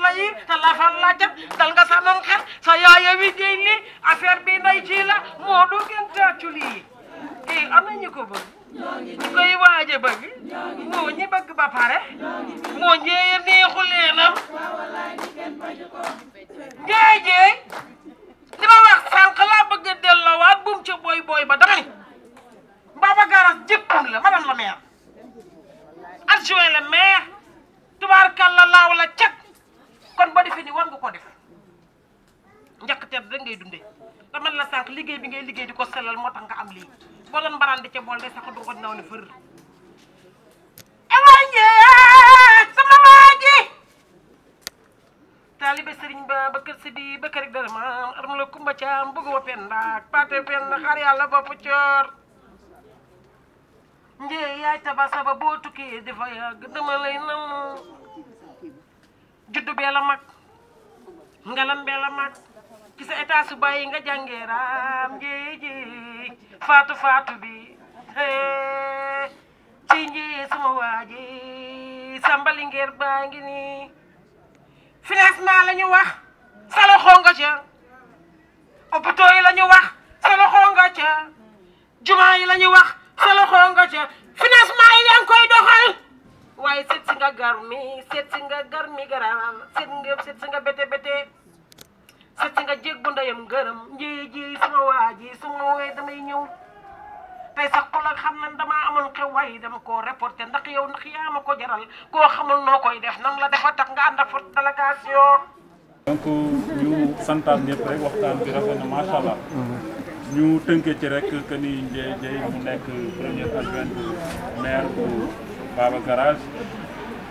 la yir te lafal dal nga samam xel sa yaaya wi jëy ni affaire bi nday ci la moo du gën tàccu lii eh am na ñu ko bëgg ñu koy waaje bëgg moo ñi bëgg ba pare moo njéeye neexu leenam njeey jeey li ma wax sànq laa bëgg a delloowaat buum ca booy booy ba dama ni Baba Garas jëppam la madame la maire adjoint le maire tubaarkalla laaw la cag ko defee ni war nga ko def njëkk tedd rek ngay dundee la sànq liggéey bi ngay liggéey di ko sellal moo tax nga am lii boo doon mbaraan di ca bool day sax du ko naw ne fër ewaay njee sama waa ji taalibe ba ba kër si bi ba kër dara maam arma la kumba caam bëgg wa pen ndaak paate pen na xaar yàlla bopp njee yaay taba saba boo tukkee dafa yàgg dama lay juddu bee la mag ngalam bee la mag ci sa état su nga jàngee raam njeeji faatu faatu bi ci njii suma waaji sambali ngeer baa ngi nii financement la ñu wax sa loxo nga ca hôpitaux yi lañu wax garmi seet si nga garmi garam seet nga seet si nga bete bete seet si nga jéggu ndeyam gërëm njéey jéey sama waa ji sama woowee damay ñëw te sax ku la xam ne damaa amoon xew waaye dama ko reporté ndax yow ndax yaa ma ko jaral koo xamul noo koy def nan la dafa tax nga ànd ak for délégation. donc ñu santaan ñëpp rek waxtaan bi rek que ni Ndieye Ndieye mu nekk premier adjoint maire bu Baba Garage.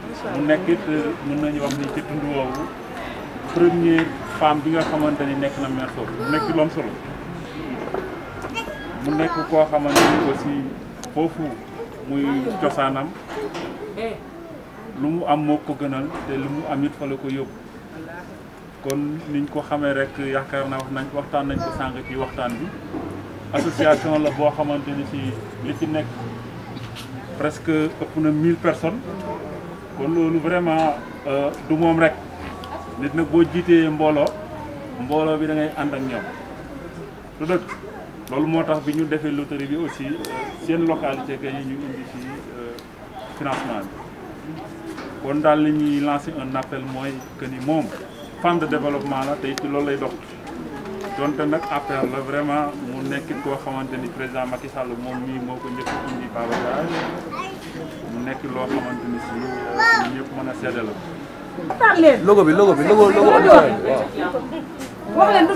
mu nekk it euh, mën nañu wax ni ci tund woowu première femme bi nga xamante ni nekk na maire Sow mu nekk nekk koo xamante ni aussi foofu muy cosaanam lu mu am moo ko gënal te lu mu am it fa la ko yóbbu kon niñ ko xamee rek yaakaar na wax nañ waxtaan nañ ko sànq ci waxtaan bi association la boo xamante ni ci li ci nekk presque ëpp na 1000 personnes kon loolu vraiment euh, du moom rek nit nag boo jiitee mbooloo mbooloo bi da ngay ànd ak ñoom lu dëkk loolu moo tax bi ñu defee loterie bi aussi euh, seen localité ga yi ñu indi ci euh, financement bi kon daal li ñuy lancer un appel mooy que ni moom femme de développement la tey ci loolu lay dox donte nag appel la vraiment mu nekkit koo xamante ni président Macky Sall moom mii moo ko njëkk indi Babacar mu a seede la. taal logo bi logo bi logo logo auditeur bi waaw. wax leen du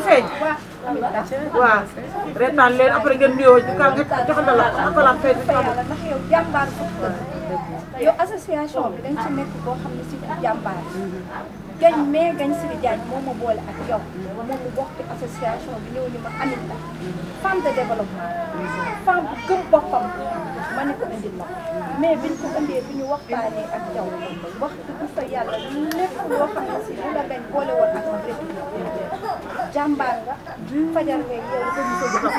bi xamul. ndax yow jàmbaar yow association bi dañ ci nekk gañ mais gañ Siri Diagne moom ma boole ak yow moom mu bokk association bi ñëw ni ma amit la femme de développement femme bu gëm boppam ko indil ma mais biñ ko indee bi ñu waxtaanee ak yow wax dëgg yàlla lépp loo xam si lu la gañ boole woon ak ma lépp jàmbaar nga fajar nga yow gëm ko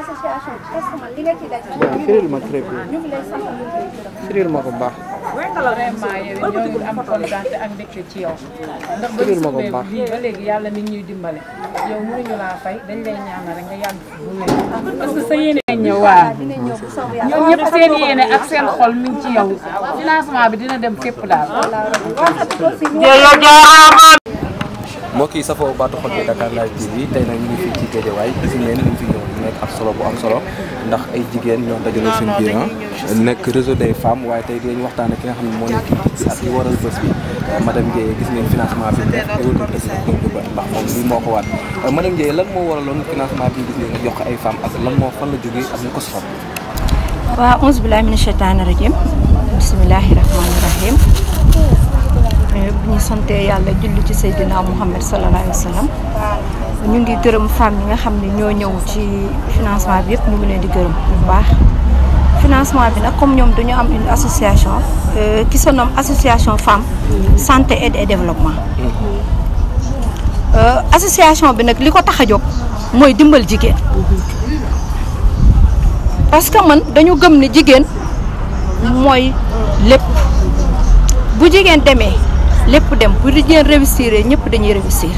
association bi parce que man li nga ci daj ñu lay sant ñu ngi ma baax vraiment yow ñoo ngi am kontaan ak mbégte ci yow ndax ba ñu sumbeeku ba léegi yàlla mi ngi ñuy dimbale yow mënuñu laa fay dañ lay ñaanal rek nga yàgg bu nekk parce que sa yéene ñëw waa ñoom ñëpp seen yéene ak seen xol mi ngi ci yow financement bi dina dem fépp daal. mbokk yi safoo baatu xol bi Dakar Live TV tey nag ñu ngi fii ci Guédiawaye gis ngeen ñu fi ñëw solo bu am ay jigéen ñoo dajaloo seen biir ah, nekk réseau des femmes waaye tey dinañ waxtaan ki nga xam ne moo nekk ci ak li waral bés bi madame Ndiaye gis ngeen financement bi def éwétu ndax moom lii moo ko waat madame Ndiaye lan moo waraloon financement bi gis ngeen jox ay femmes ak lan moo fan la jógee ak ñu ko soxal waaw onze billahi mina sheytaani rajim bismillahi rahmaani sante yàlla julli ci Seydina Mouhamed sallallahu alayhi wa sallam ñu ngi gërëm femme yi nga xam ne ñoo ñëw ci financement bi yëpp ñu ngi leen di gërëm bu baax financement bi nag comme ñoom dañu am une association euh, qui se nomme association femme santé aide et développement euh, association bi nag li ko tax a jóg mooy dimbal jigéen parce que man dañu gëm ne jigéen mooy lépp bu jigéen demee lépp dem bu jigéen réussir ñëpp dañuy réussir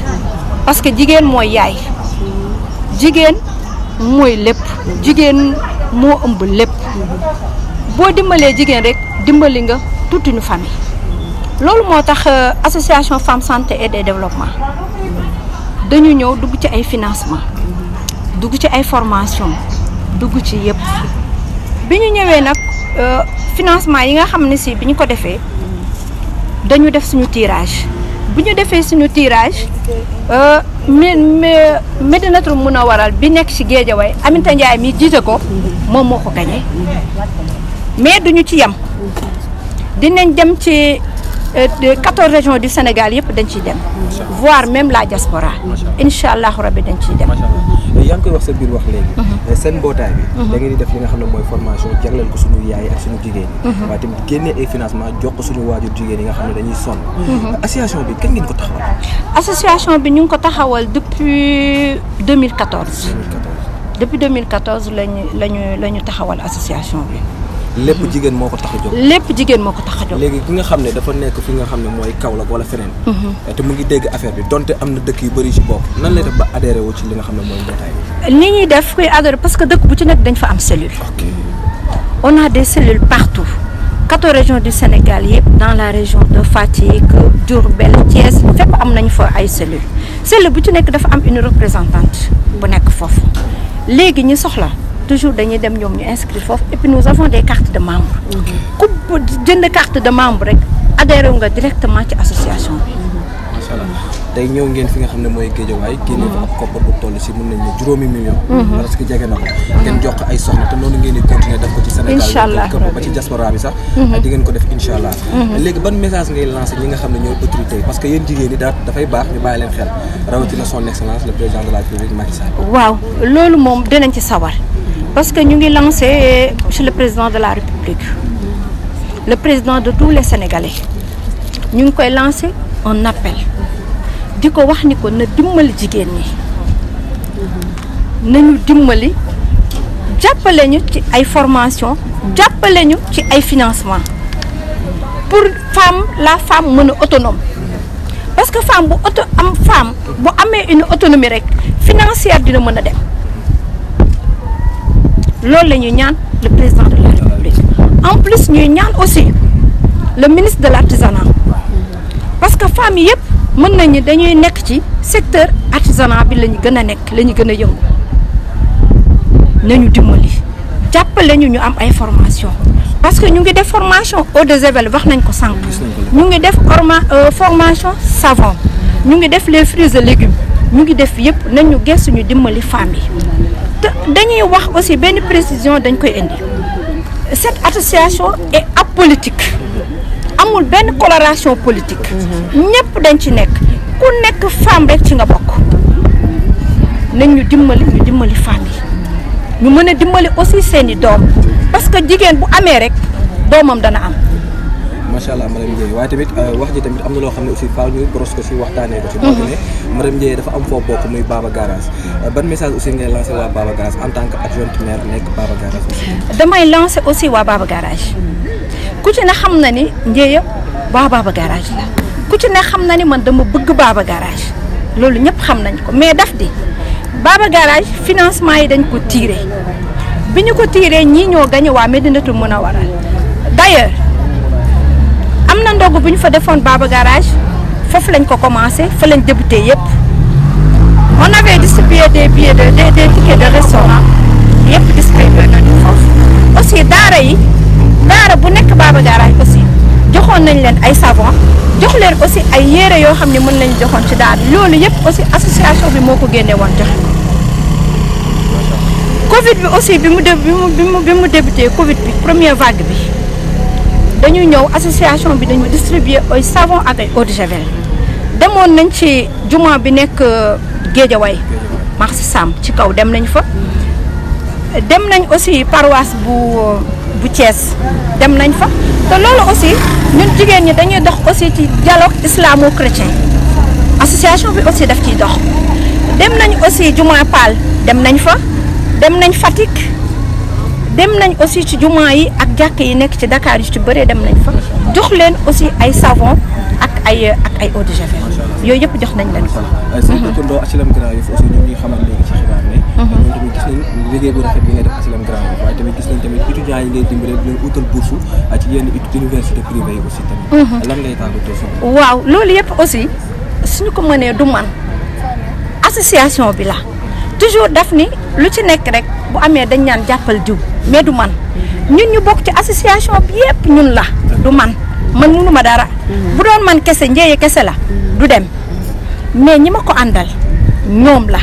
parce que jigéen mooy yaay jigéen mooy lépp jigéen moo ëmb lépp boo dimbalee jigéen rek dimbali nga toute une famille loolu moo tax euh, association femme santé et de développement dañu ñëw dugg ci ay financement dugg ci ay formation dugg ci yëpp bi ñu ñëwee nag euh, financement yi nga xam ne si bi ñu ko defee dañu def suñu tirage bu ñu defee suñu tirage euh, Médinatul waral bi nekk ci Géejawaay Aminta Ndiaye mi jiite ko moom moo ko gañe mais duñu ci yem dinañ dem ci 14 euh, régions du Sénégal yëpp dañ ciy dem. voire même la diaspora. incha allahu rabi dañ ciy dem. yaa ngi koy wax sa biir wax léegi. Mhm. Euh, seen mbootaay bi. Mhm. da def li nga xam ne mooy formation jagleel ko suñu yaay ak suñu jigéen ñi. Mhm. waaye tamit génnee ay financement jox ko suñu waajur jigéen yi nga xam ne dañuy sonn. association bi kañ ngeen ko taxawal. association bi ñu ngi ko taxawal depuis mille 2014 depuis 2014 lañu lañu la ñu taxawal association bi. lépp jigéen moo ko tax a lépp jigéen moo ko tax a léegi ki nga xam ne dafa nekk fi nga xam ne mooy Kaolack wala feneen. Mhm. te mu ngi dégg affaire bi donte am na dëkk yu bëri ci bopp. nan lay def ba adhéré wu ci li nga xam ni ñuy def koy adhéré parce que dëkk bu ci nekk dañ fa am cellule. on a des cellules partout. quatorze régions du Sénégal yëpp dans la région de Fatick Diourbel Thiès fépp am nañu fa ay cellules cellule bu ci nekk dafa am une représentante bu nekk foofu léegi ñu soxla. toujours dañuy dem ñoom ñu inscrit foofu et puis nous avons des cartes de membres. Mhm. ku jënd carte de membre rek adhéré nga directement ci association bi. tey ñëw ngeen fi nga xam ne mooy géejawaay génne fa ab koppar bu toll si mën nañu juróomi million. parce mhm. que jege na ko. ngeen ci Sénégal. bi sax. Mhm. di ngeen ko def incha léegi ban message ngay lancé ñi nga xam ne ñooy autorité parce que yéen jigéen ñi daal dafay baax ñu bàyyi leen xel rawatina son excellence le président de la République Macky waaw loolu moom dinañ ci sawar. parce que ñu ngi lancé chez le président de la république le président de tous les sénégalais ñu ngi koy lancé un appel di ko wax ni ko na dimbali jigéen ñi nañu dimbali jàppale ñu ci ay formation jàppale ñu ci ay financement pour femme la femme mën a autonome parce que femme bu auto am femme bu amee une autonomie rek financière dina mën a dem loolu la ñuy ñaan le président de la république en plus ñuy ñaan aussi le ministre de l' artisanat parce que femmes yëpp mën nañu dañuy nekk ci secteur artisanat bi la ñu gën a nekk lañu ñu gën a yëngu nañu dimbali jàppale ñu ñu am ay formation parce que ñu ngi def formation eau de javel wax nañ ko sànq ñu ngi def euh, formation savon ñu ngi def le fruits et légumes ñu ngi def yëpp nañu gëstu ñu dimbali femmes yi dañuy wax aussi benn précision dañ koy indi cette association est apolitique amul benn coloration politique. ñëpp dañ ci nekk ku nekk femme rek ci nga bokk nañ ñu dimbali ñu dimbali femme yi ñu mën a dimbali aussi seeni doom parce que jigéen bu amee rek doomam dana am. macha allah madame Ndiaye waaye tamit euh, wax ji tamit am na loo xam ne aussi faaw ñu boros ko si waxtaanee ko ci mhm. moo ne madame Ndiaye dafa am foo muy Baba Garage euh, ban message aussi ngay lancé waa Baba Garage ku ci ne xam na ni Ndiaye waa Baba Garage la ku ci ne xam na ni man dama bëgg Baba Garage loolu ñëpp xam nañ ko mais daf di Baba Garage financement yi dañ ko tiire bi ñu ko tiiree ñii ñoo gañe waa Medinatul a d'ailleurs am na ndogu bu ñu fa defoon Baba Garage foofu lañ ko commencé fa lañ débuté yëpp on avait distribué des billets de des des tickets de restaurant yëpp distribué nañu foofu. aussi daara yi daara bu nekk Baba Garage aussi joxoon nañ leen ay savon jox leen aussi ay yére yoo xam ne mën nañu joxoon ci daara loolu yëpp aussi association bi moo ko génne woon joxe. Covid bi aussi bi mu dé bi mu bi mu débuté Covid bi première vague bi. dañu ñëw association bi dañu distribuer ay savon avec eau de javel demoon nañ ci juma bi nekk euh, Géejawaay marché Sam ci kaw dem nañ fa dem nañ aussi paroisse bu euh, bu Thiès dem nañ fa te loolu aussi ñun jigéen ñi dañuy dox aussi ci dialogue islamo-chrétien association bi aussi daf ciy dox dem nañ aussi juma Paal dem nañ fa dem nañ Fatick dem nañ aussi ci jumaa yi ak jàkk yi nekk ci Dakar yu ci baree dem nañ fa jox leen aussi ay savon ak ay ak ay eau de javel yooyu yëpp jox nañ leen ko. sëñ bi mhm. dëkkandoo HLM Grand Yoff aussi ñoom mhm. gis nañ tamit gis nañ tamit étudiants yi ngay dimbale di leen utal bourse ci yenn université privée yi aussi tamit. Mhm. lan lay tàggatoo waaw loolu yëpp aussi suñu ko mënee du man association bi la toujours daf ni lu ci nekk rek. bu amee dañ ñaan jàppal jiw mais du man ñun ñu bokk ci association bi yëpp ñun la du man man mënu ma dara bu doon man kese njéeye kese la du dem mais ñi ma ko àndal ñoom la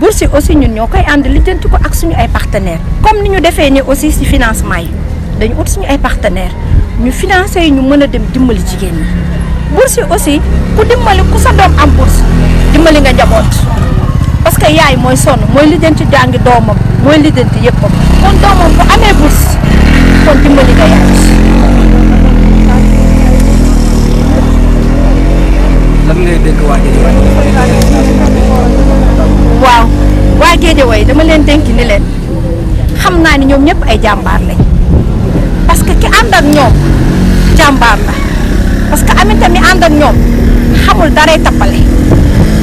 bourse aussi ñun ñoo koy ànd lijjanti ko ak suñu ay partenaires comme ni ñu defee ne aussi ci financement yi dañu ut suñu ay partenaires ñu financé yi ñu mën a dem dimbali jigéen ñi bourse aussi ku dimbali ku sa doom am bourse dimbali nga njaboot parce que yaay mooy sonn mooy lijjanti jàngi doomam mooy lijjanti yëppam kon doomam bu amee bourse kon dimbali nga yaay waa Géejawaay waaw dama leen dénk ni leen xam naa ni ñoom ñëpp ay jàmbaar lañ parce que ki ànd ak ñoom jàmbaar la parce que amit tamit ñoom xamul daray tappale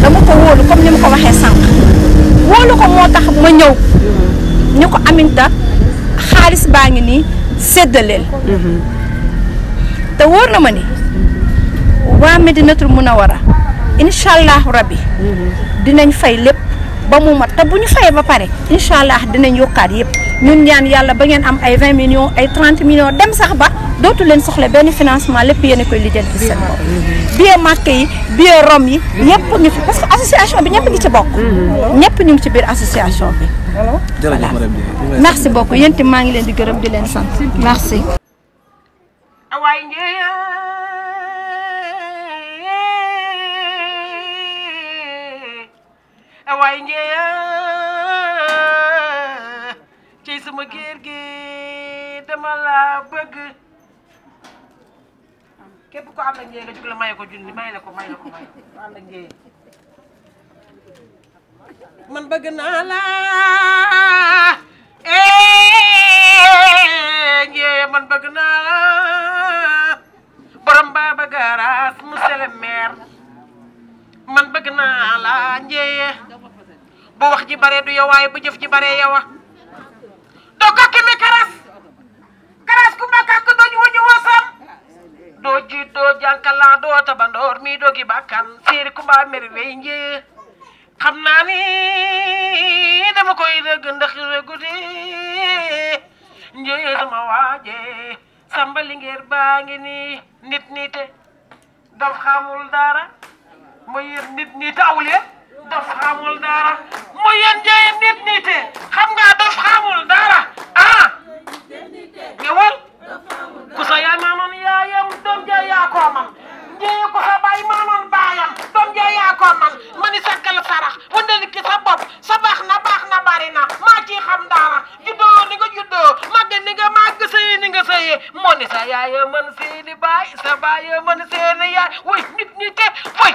dama ko wóolu comme ni ma ko waxee sànq wóolu ko moo tax ma ñëw ñu ko aminta xaalis baa ngi nii séddaleel te wóor na ma ni waa Medinatul Munawara incha allahu rabbi dinañ fay lépp ba mu mat te bu ñu fayee ba pare incha allah dinañ yokkaat yëpp ñun ñaan yàlla ba ngeen am ay 20 millions ay 30 millions dem sax ba dootu leen soxla benn financement lépp yéen a koy lijjanti seen bopp. biir màkk yi biir rom yi. ñëpp ngi fi parce que association bi ñëpp ngi ci bokk. ñëpp ñu ngi ci biir association bi. jërëjëf madame Ndiaye merci beaucoup yéen itam maa ngi leen di gërëm di leen sant merci. waaye géer gi dama laa bëgg képp ko man bëgg na la eh, njéeg man bëgg naa la borom baaba garaas monsieur le man bëgg naa la njéeg bu wax ji bare du yow waaye ɗo gokkimi karas karas kuma kakko ɗoñ woni wosan ɗo jiɗɗo jankala ɗo taɓanɗor mi ɗogi bakkan siri kuma mere weyje xam naa ni dama koy dëgg ndax guddi njëyee dama waaje samba lingeer baa ngi nii nit niite daf xamul dara ma yéen nit niite awul yéen daf xamul dara ma yéen njëyee nit niite xam nga daf xamul dara ñëwal ku sa yaay maanoon yaayam doom jee yaa koo man njee ku sa baay maanoon baayam doom jee yaa koo man mani sakkal sarax wëndali ki sa bopp sa baax na baax na bari na maa ci xam dara juddoo ni nga juddoo màgg ni nga màgg sëyi ni nga sëyi moo ni sa man seeni baay sa baaya man seeni yaay woy nit ñi te woy